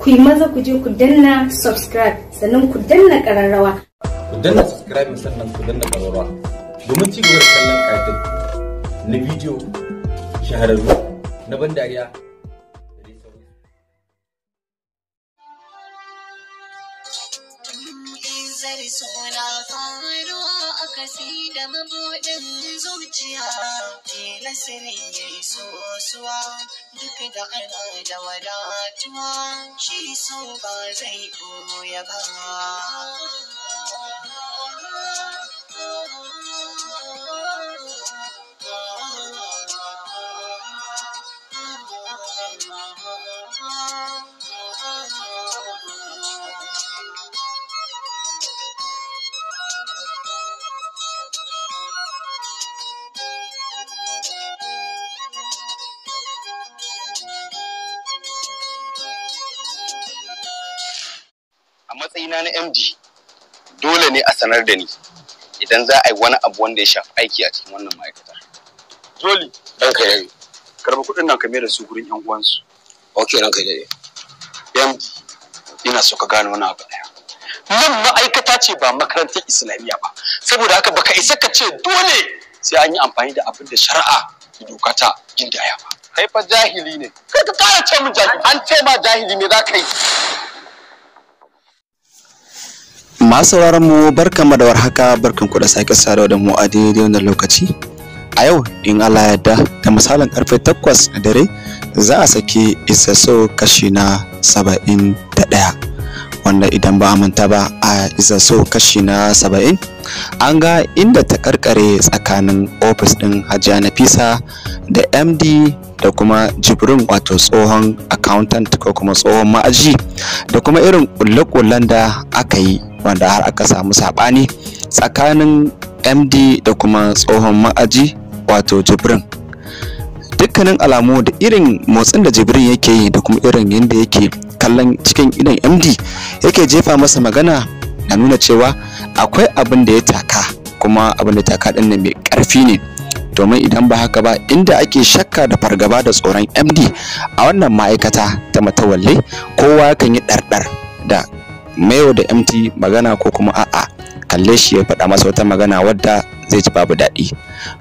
ku yi maza ku je ku danna subscribe sannan ku danna kararrawa ku danna subscribe sannan ku danna kararrawa domin ci gaba da kallon kajin na bidiyo shahararru na ban dariya is when I find kasida mabuɗin zuciya ke nasirin ya iso suwa duk da ana da wadatuwa shi so ba zai ɓoya ba. matsayina na MD dole ne a sanar da ni idan za a yi wani abu wanda ya shafi aiki a cikin wannan ma'aikata. Dole. Ranka yayi. Karba kuɗin nan ka mai da su gurin ƴan uwansu. Ok ranka yayi. MD ina so ka gane wani abu ɗaya. Nan ma'aikata ce ba makarantar Islamiyya ba. Saboda haka baka isa ka ce dole sai an yi amfani da abin da shari'a da doka ta gindaya ba. Kai fa jahili ne. Kai ka ƙara ce min jahili. An ce ma jahili me za ka yi. masu sauraron mu barkanmu da warhaka barkan ku da sake saduwa da mu a daidai wannan lokaci a yau in Allah ya yarda da misalin karfe 8 na dare za a saki isasso kashi na 71 wanda idan ba a manta ba a isasso kashi na 70 an ga inda ta karkare tsakanin ofis din Hajiya Nafisa da MD da kuma jibrin wato tsohon accountant ko kuma tsohon ma'aji da kuma irin kulle-kullen da aka yi wanda har aka samu saɓani tsakanin md da kuma tsohon ma'aji wato jibrin dukkanin alamu da irin motsin da jibrin yake yi da kuma irin yadda yake kallon cikin idan md yake jefa masa magana na nuna cewa akwai abin da ya taka kuma abin da taka ɗin mai ƙarfi ne domin idan ba haka ba inda ake shakka da fargaba da tsoron md a wannan ma'aikata ta matawalle kowa kan yi ɗarɗar da Mayo da MT magana ko kuma a'a kalle shi ya faɗa masa wata magana wadda zai ci babu daɗi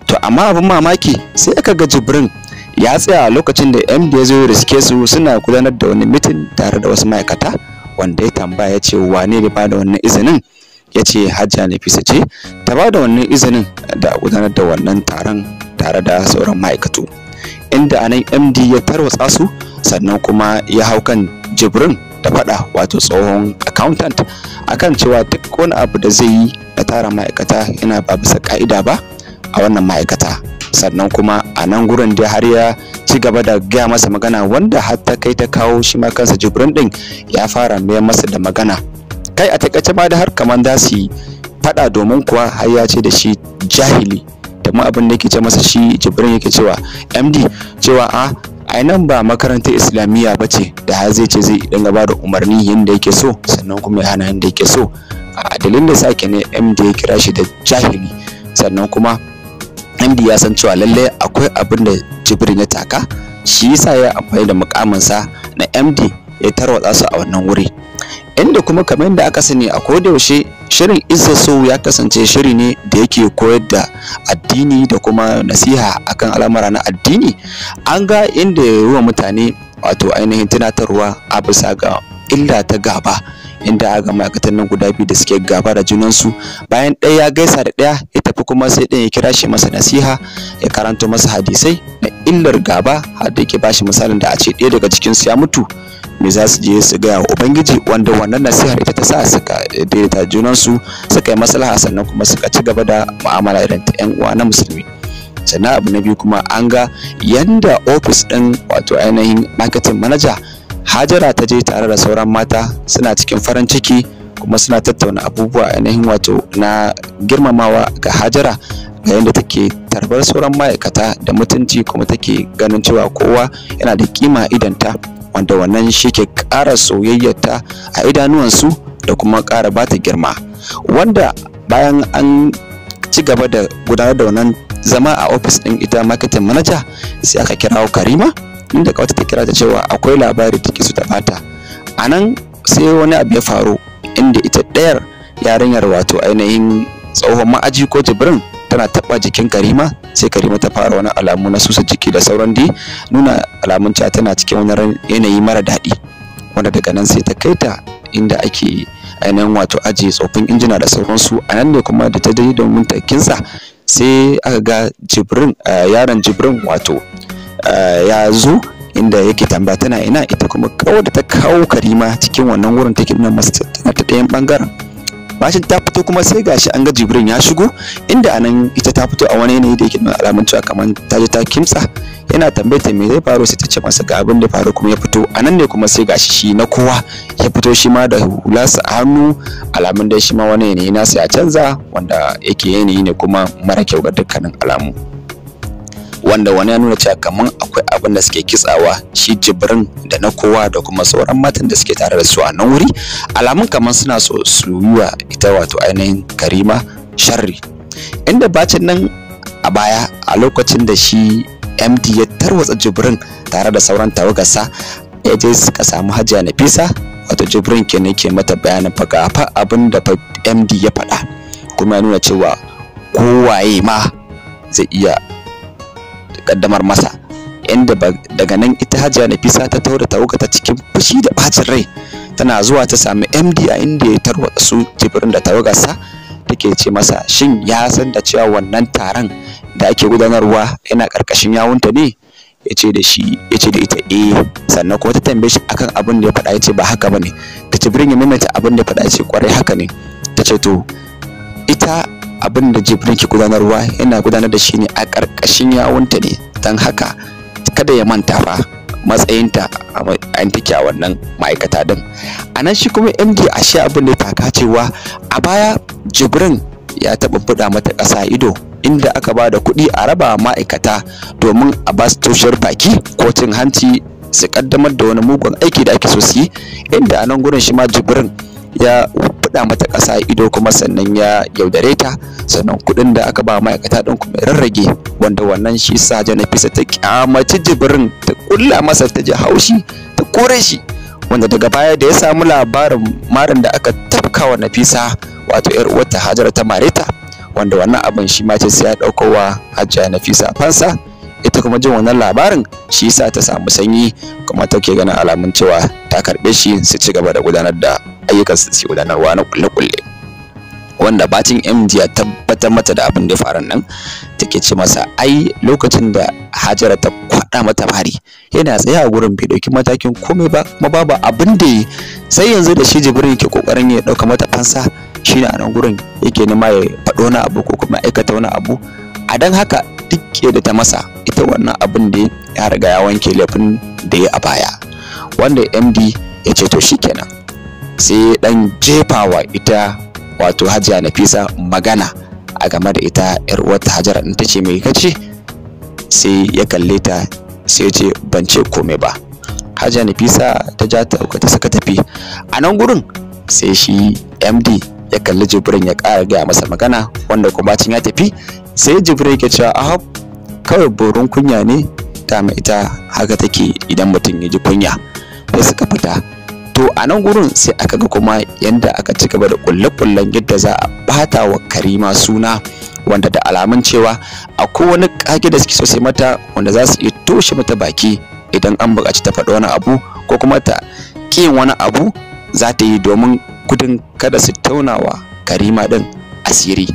to amma abin mamaki sai aka ga jibrin ya tsaya lokacin da md ya zo da suke su suna gudanar da wani mitin tare da wasu ma'aikata wanda ya tambaya ya ce wane ne ba da wannan izinin ya ce hajja nafisa ce ta ba da wannan izinin da gudanar da wannan taron tare da sauran ma'aikatu inda anan md ya tarwatsa su sannan kuma ya hau kan jibrin ta faɗa, wato tsohon accountant akan cewa duk wani abu da zai yi na tara ma'aikata yana ba bisa ka'ida ba a wannan ma'aikata sannan kuma a nan gurin da har ya ci gaba da gaya masa magana wanda har ta kai ta kawo shi ma kansa jibrin din ya fara mayar masa da magana kai a takaice ma da har kaman za su fada domin kuwa har ya ce da shi jahili da ma abin da yake ce masa shi jibrin yake cewa md cewa a ah, A nan ba makarantar islamiyya ba ce da har zai ce zai dinga ba da umarni yadda yake so sannan kuma ya hana yadda yake so a dalilin da sake ne md ya kira shi da jahili sannan kuma md ya san cewa lallai akwai abin da jibrin ya taka shi yasa ya amfani da mukaminsa na md ya tarwatsa su a wannan wuri inda kuma kamar yadda aka sani a koda yaushe Shirin Izza So ya kasance shiri ne da yake koyar da addini da kuma nasiha akan al'amura na addini. An ga inda ya wa mutane wato ainihin tunatarwa a bisa ga illa ta gaba. inda a ga ma'aikatan nan guda biyu da suke gaba da junansu bayan ɗaya ya gaisa da ɗaya ya tafi kuma sai dan ya kira shi masa nasiha ya karanto masa hadisai na illar gaba har da yake bashi misalin da a ce ɗaya daga cikinsu ya mutu me za su je su gaya wa ubangiji wanda wannan nasihar ita ta sa suka daidaita junansu suka yi maslaha sannan kuma suka ci gaba da mu'amala irin ta yan uwa na musulmi sannan abu na biyu kuma an ga yanda ofis din wato ainihin marketing manager hajara ta je tare da sauran mata suna cikin farin ciki kuma suna tattauna abubuwa ainihin wato na girmamawa ga hajara ga yadda take tarbar sauran ma'aikata da mutunci kuma take ganin cewa kowa yana da kima idanta wanda wannan shi ke ƙara soyayyarta a idanuwansu da kuma ƙara bata girma wanda bayan an ci gaba da gudanar da wannan zama a ofis ɗin ita marketing manager sai aka kirawo karima inda kawai ta kira ta cewa akwai labari take su ta bata a nan sai wani abu ya faru inda ita ɗayar yarinyar wato ainihin tsohon ma'aji ko jibrin tana taɓa jikin karima sai karima ta fara wani alamu na susa jiki da sauran di. nuna alamun cewa tana cikin wani yanayi mara daɗi wanda daga nan sai ta kai ta inda ake ainihin wato ajiye tsofin injina da sauransu a nan ne kuma da ta dai domin takinsa sai aka ga jibrin yaron jibrin wato ya zo inda yake tambaya tana ina ita kuma kawai da ta kawo karima cikin wannan wurin take nuna masa tana ta ɗayan bangaren bacin ta fito kuma sai gashi an ga jibrin ya shigo inda anan ita ta fito a wani yanayi da yake nuna alamun cewa kamar ta je ta kimtsa yana tambayar me zai faru sai ta ce masa ga abin da faru kuma ya fito anan ne kuma sai gashi shi na kowa ya fito shi ma da hulasa a hannu alamun da shi ma wani yanayi nasa ya canza wanda yake yanayi ne kuma mara kyau ga dukkanin alamu wanda wani ya nuna cewa kaman akwai abin da suke kitsawa shi jibrin da na kowa da kuma sauran matan da suke tare da su a nan wuri alamun kamar suna so su wa ita wato ainihin karima sharri inda bacin nan a baya a lokacin da shi md ya tarwatsa jibrin tare da sauran tawagarsa ya je suka samu hajiya nafisa wato jibrin ke ne ke mata bayanin fagafa abin da md ya faɗa kuma ya nuna cewa kowaye ma zai iya kaddamar masa inda daga nan ita hajiya nafisa ta taura tawaga ta cikin fushi da bacin rai tana zuwa ta sami md a inda ya tarwatsa su jibrin da ta take ce masa shin ya san da cewa wannan taron da ake gudanarwa yana karkashin yawunta ne ya ce da ita eh sannan kuma ta tambaye shi akan abin da ya faɗa ya ce ba haka ba ne ta ce ya maimaita abin da ya faɗa ya ce kwarai haka ne ta ce to ita abin da jibrin ke gudanarwa yana gudanar da shi ne a ƙarƙashin yawunta ne don haka kada ya manta fa matsayinta a take a wannan ma'aikata din a nan shi kuma md a shi abin da taka cewa a baya jibrin ya taɓa buɗa mata ƙasa ido inda aka ba da kuɗi a raba ma'aikata domin a ba su tushen baki ko cin hanci su ƙaddamar da wani mugun aiki da ake so su yi inda a nan gurin shi ma jibrin ya buɗa mata ƙasa ido kuma sannan ya yaudare ta sannan kuɗin da aka ba ma'aikata ɗin kuma rarrage wanda wannan shi sa janafisa ta kyamaci jibirin ta ƙulla masa ta ji haushi ta kore shi wanda daga baya da ya samu labarin marin da aka tafka wa nafisa wato yar uwarta hajara ta mareta wanda wannan abin shi ma ce sai ya ɗauko wa hajja nafisa fansa ita kuma jin wannan labarin shi sa ta samu sanyi kuma take ganin alamun cewa ta karɓe shi su ci gaba da gudanar da ayyukan su suke gudanarwa na kulle-kulle wanda bacin MD ya tabbatar mata da abin da ya nan take ce masa ai lokacin da Hajara ta kwada mata fari yana tsaya a gurin bai dauki matakin komai ba kuma babu abin da yi sai yanzu da shi Jibril yake kokarin ya dauka mata fansa shine a nan gurin yake nema ya faɗo na abu ko kuma aikata wani abu a dan haka duk da ta masa ita wannan abin da ya riga ya wanke laifin da ya a baya wanda MD ya ce to shikenan sai dan jefawa ita wato hajiya nafisa magana a game da ita yar uwarta hajara in tace mai kace sai ya kalle ta sai ya ce ban ce komai ba hajiya nafisa ta ja ta ta saka tafi a nan gurin sai shi md ya kalli jibrin ya kara gaya masa magana wanda kuma cin ya tafi sai jibrin ya cewa aha kawai borin kunya ne ta ita haka take idan mutum ya ji kunya sai suka fita to a nan gurin sai aka ga kuma yadda aka ci gaba da kulle-kullen yadda za a bata wa karima suna wanda da alamun cewa a wani kage da suke so sai mata wanda za su iya toshe mata baki idan an buƙaci ta faɗa wani abu ko kuma ta ƙin wani abu za ta yi domin gudun kada su taunawa karima ɗin asiri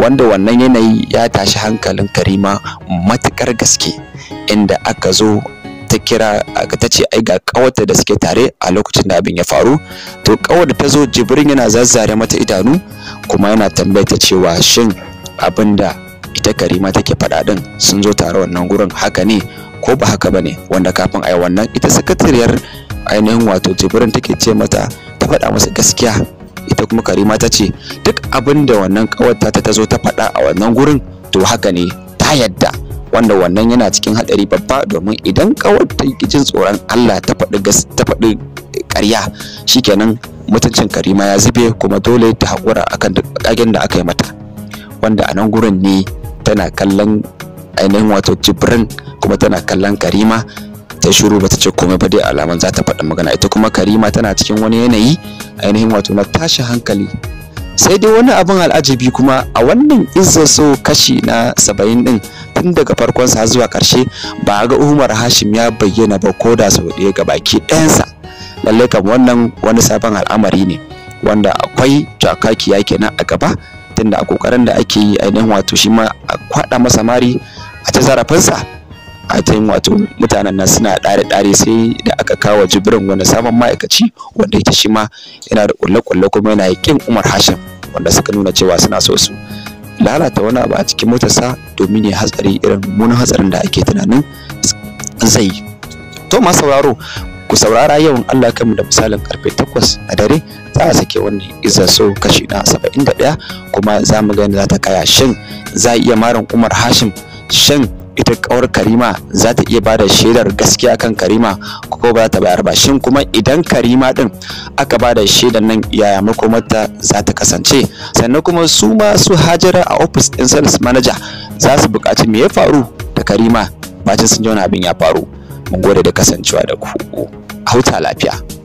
wanda wannan yanayi ya tashi hankalin karima matuƙar gaske inda aka zo ta kira ta ce ai ga kawarta da suke tare a lokacin da abin ya faru to kawar da ta zo jibrin yana zazzare mata idanu kuma yana ta cewa shin abin da ita karima take faɗa din sun zo tare wannan gurin haka ne ko ba haka bane wanda kafin ai wannan ita sakatariyar ainihin wato jibrin take ce mata ta faɗa masa gaskiya ita kuma karima ta ce duk abinda da wannan kawarta ta zo ta faɗa a wannan gurin to haka ne ta yadda wanda wannan yana cikin hadari babba domin idan kawar ta yi tsoron Allah ta faɗi ta eh, Shi kenan mutuncin Karima ya zube kuma dole ta haƙura akan kan ƙagen da aka yi mata wanda a nan gurin ne tana kallon ainihin wato Jibrin kuma tana kallon Karima ta shiru ta ce komai ba dai alaman za ta faɗi magana ita kuma Karima tana cikin wani yanayi ainihin wato na tashi hankali sai dai wani abin al'ajabi kuma a wannan izza so kashi na saba'in din tun daga farkon sa zuwa karshe ba ga Umar Hashim ya bayyana ba ko da sau ɗaya ga baki ɗayansa lalle kam wannan wani sabon al'amari ne wanda akwai yake na a gaba tunda a kokarin da ake yi ainihin wato shi ma a kwaɗa masa mari a ta zarafinsa a ta yin wato mutanen nan suna ɗare-ɗare sai da aka kawo jibrin wani sabon ma'aikaci wanda yake shi ma yana da ƙulle-ƙulle kuma yana yakin umar hashim wanda suka nuna cewa suna so su lalata wani abu a cikin motarsa domin ya hatsari irin munin hatsarin da ake tunanin zai to ma sauraro ku saurara yawan Allah kanmu da misalin karfe 8 a dare za a sake wannan izza so kashi na 71 kuma za mu ga za ta kaya shin za iya marin Umar Hashim shin ita kawar karima za ta iya bada shaidar gaskiya kan karima ko ba ta bayar ba shin kuma idan karima din aka bada shaidar nan yaya makomata za ta kasance sannan kuma su ma su hajara a office din sales manager za su buƙaci me ya faru da karima bacin sun ji wani abin ya faru mun gode da kasancewa da ku a huta lafiya